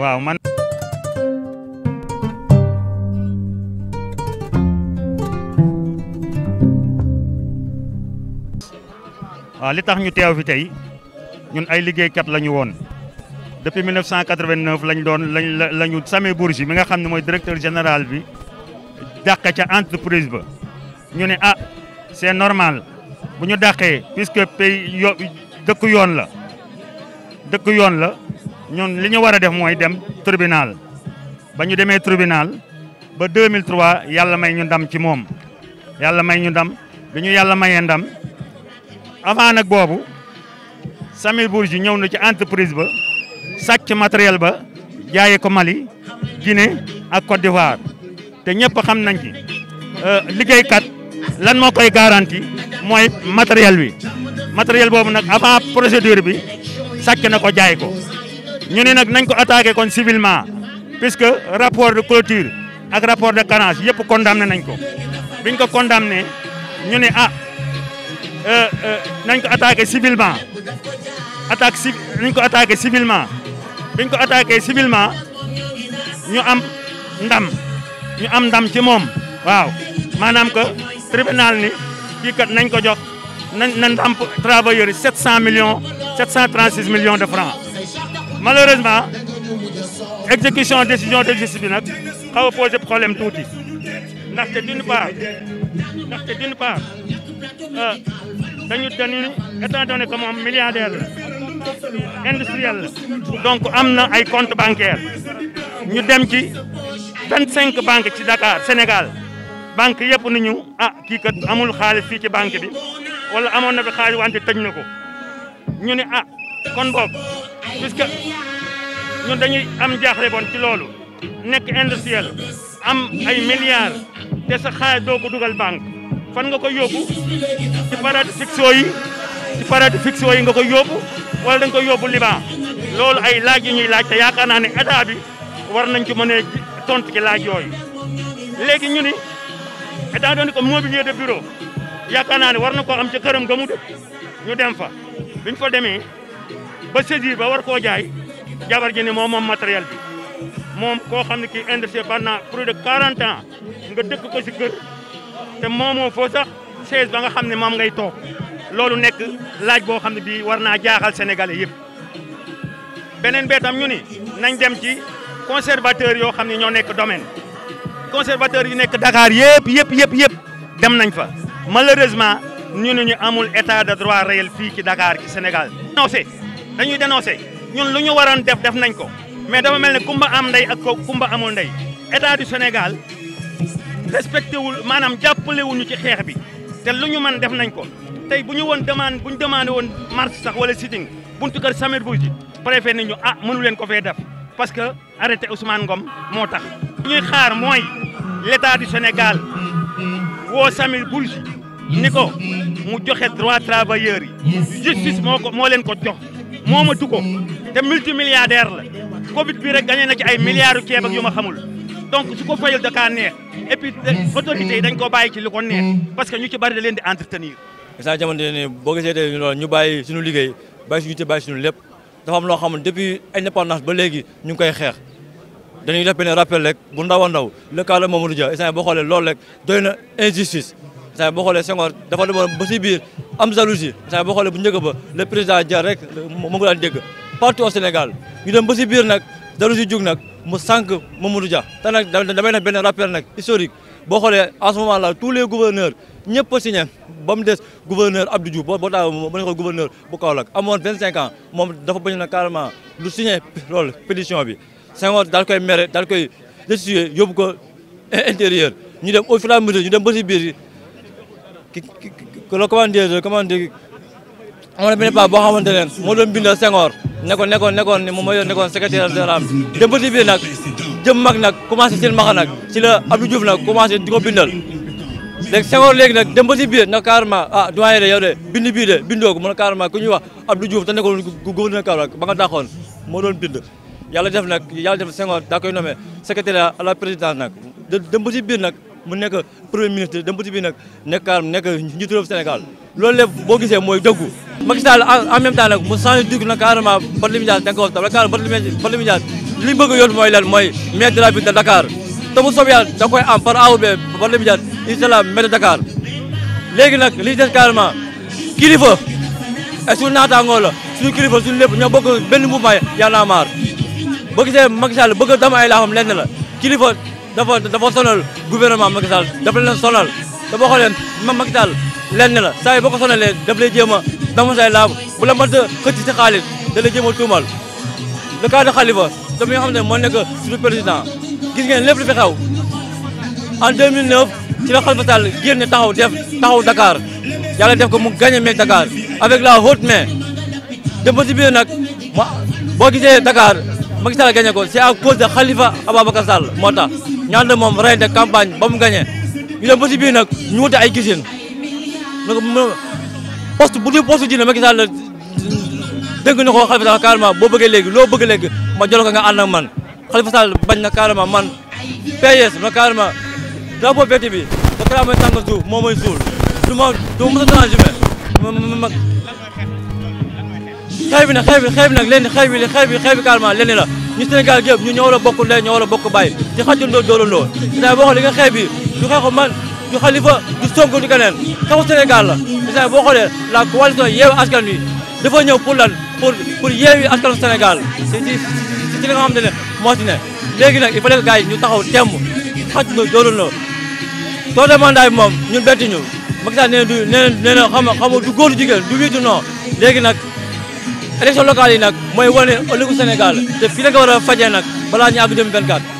waaw man. waa li tax ñu teew fi tey ñun ay liggéeykat la ñu woon depuis 1989 lañ doon lañ la la ñu Samé Bourgi mi nga xam ne mooy directeur général bi dàq ca entreprise ba ñu ne ah c'est normal bu ñu dàqee puisque pays yo dëkku yoon la dëkk yoon la. ñun li ñu war a def mooy dem tribunal ba ñu demee tribunal ba 2003 yàlla may ñu ndam ci moom yàlla may ñu dam bi ñu yàlla mayee ndam avant nag boobu Samir Bourgi ñëw na ci entreprise ba sàcc matériel ba jaayee ko Mali Guinée ak Côte d'Ivoire te ñëpp xam nañ ci euh, liggéeykat lan moo koy garanti mooy matériel bi matériel boobu nag avant procédure bi sàcc na ko jaay ko ñu ne nag nañ ko attaqué kon civilement puisque rapport de clôture ak rapport de carence yëpp condamné nañ ko biñ ko condamné ñu ne ah euh, euh, nañ ko attaqué civilement attaque ci nañ ko attaqué civilement biñ ko attaqué civilement ñu am ndam ñu am ndam ci moom waaw maanaam que tribunal ni kii kat nañ ko jox nañ na ndàmp travailleurs yi 700 millions 736 millions de francs malheureusement exécution décision de justice ça nag xaw a tout problème suite. ndaxte d'une part ndaxte d'une part euh, dañu dañu étant donné que un milliardaire industriel donc am na ay compte bancaire Nous dem 25 banques de Dakar Sénégal banque yëpp nous ah kii kat amul xaalis qui ci banque bi wala amoon na fi xaalis wante tëj ko ñu ah kon puisque ñun dañuy am jaaxle bon ci loolu nekk industriel am ay milliards te sa xaalis doo ko dugal banque fan nga ko yóbbu ci paradis fiscaux yi ci paradis fiscaux yi nga koy yóbbu wala da nga yóbbu Liban loolu ay laaj yi ñuy laaj te yaakaar naa ne état bi war nañ ci mënee tontu ci laaj yooyu léegi ñu ni état doon ko mobilier de bureau yaakaar naa ne war na koo am ca këram ga mu dëkk ñu dem fa biñ fa demee ba saisir ba war koo jaay jabar ji ne moom moom matériel bi moom koo xam ne kii industrie pendant plus de 40 ans nga dëkk ko si kër te moomoo foo sax chaise ba nga xam ne moom ngay toog loolu nekk laaj boo xam ne bii war naa jaaxal sénégalais yëpp beneen bee tam ñu ni nañ dem ci conservateur yoo xam ne ñoo nekk domaine conservateur yi nekk Dakar yëpp yëpp yëpp yëpp dem nañ fa malheureusement ñu ne ñu amul état de droit réel fii ci dakaar ci Sénégal non dañuy dénoncé ñun lu ñu waroon def def nañ ko mais dafa mel ne kumba am ndey ak ko kumba amul ndey état du Sénégal respecté wul maanaam jàppale wuñu ci xeex bi te lu ñu mën def nañ ko tey bu ñu woon demande bu ñu demandé woon marche sax wala sitting buntu kër Samir Bouji préfet ni ñu ah mënu leen ko fee def parce que arrêté Ousmane Ngom moo tax. ñuy xaar mooy l' état du Sénégal woo Samir Bouji ni ko mu joxe droit travailleurs yi justice moo ko moo leen ko jox. moomatu ko té multimilliardaire la Covid bi rek gagné na ci ay milliards yu ceeb ak yu xamul donc suko fayal da kaa neex et puis euh, mm. autorités dañ ko bayyi ci liko ko neex mm. parce que ñu ci bari da leen di entretenir. instant jamono ne boo gisee tey loolu ñu bayyi suñu liggéey bayyi suñu te bayyi suñu lépp dafa am lo xamul depuis indépendance ba légui ñu koy xeex dañuy def benn rappel rek bu ndaw ndaw le cas le Mamadou Dia instant bo xolé lool rek doyna injustice instant bo xolé Senghor dafa demoon ba ci biir am jalousie sa boo xoolee bu ñëgë ba le président Dia rek mo nga daan dégg partout au Sénégal ñu dem ba ci biir nag jalousie jug nak mu sank Mamadou Dia te nag damay na ben rappel nak historique bo xolé en ce moment là tous les gouverneurs ñëpp signé bam dess gouverneur Abdou Diouf bo boo mo ba ñu gouverneur bu Kaolack amone 25 ans mom dafa bañ na carrément lu signé lol pétition bi Senghor dal koy méré dal koy destitué yóbbu ko intérieur ñu dem au fur et à mesure ñu dem ba ci biir comment dire comment dire am na benn paa boo xamante ne moo doon bindal Senghor nekkoon nekkoon nekkoon moom mooy nekkoon secrétaire général dem ba ci biir nag jëm mag nag commencé seen maxa nag nag commencé di ko bindal léegi Senghor léegi nag dem ba ci biir nag carrément ah doyen de yow de bind bii de ko mën carrément ku ñuy wax Abdou Diouf te nekkoon gouverneur Kaolack ba nga dàqoon moo doon bind yàlla def nag yàlla def Senghor daa koy nommé secrétaire à la présidence nag dem mu nekk premier ministre dem ba ci biir nag nekk calme nekk njiitu réew Sénégal loolu lépp boo gisee mooy dëggu. Macky Sall en même temps nag mu changé dugg nag carrément Barthélémy Dias da nga ko war a taw Barthélémy Dias li mu bëgg a yóbbu mooy lan mooy maire de la ville de Dakar te da koy am par A ou B Barthélémy Dias incha allah maire de Dakar léegi nag li des carrément kilifa et suñu naataangoo la suñu kilifa suñu lépp ñoo bokk benn mouvement Y'en a marre boo gisee Macky Sall bëgg a dama ay laaxam dafa dafa sonal gouvernement Macky Sall dafa leen sonal te boo xoolee ma Macky Sall saa yi boo ko sonalee daf lay jéem a dama say laam bu la mënta si xaalis da lay jéem a tuumal le cas de Khalifa te mi ne moo nekk suñu président gis ngeen lépp lu fi xew en 2009 ci la taxaw def taxaw Dakar yàlla def ko mu gagné mais Dakar avec la haute main dem ba si boo gisee Dakar Macky Sall gagné ko c'est à cause de Khalifa Ababacar Sall moo ñaata moom reyante campagne ba mu gagné ñu dem ba si biir nag ñu wute ay gisin nag poste bu dee poste ji ne Macky Sall la dégg na ko Khalifa Sall carrément boo bëggee léegi loo bëgg léegi ma jël ko nga ànd ak man Khalifa bañ na carrément man PS ma carrément drapeau vert bi da kara mooy tànga suul du ma du ma mos a transgumé ma xew bi nag xew bi bi nag leen la ñu Sénégal gépp ñu ñoo war a bokk ndey ñoo war a bokk bàyyi di xajjandoo dóorandoo isaay boo xoolee li nga xeex bi du xeexu man du xalifa du Sonko du keneen xeexu Sénégal la isaay boo xoolee la coalition yeewu askan wi dafa ñëw pour lan pour pour yeewi askanu Sénégal si si si li nga xam ne moo ci ne léegi nag il faut que gars yi ñu taxaw temb xajjandoo dóorandoo soo demandaay bi moom ñun bettuñu Macky Sall nee na du nee na nee na xam nga xamul du góor du jigéen du wii du non léegi nag élection locale yi nag mooy wane ëllëgu Sénégal te fii la nga war a fajee nag balaa ñu àgg 2024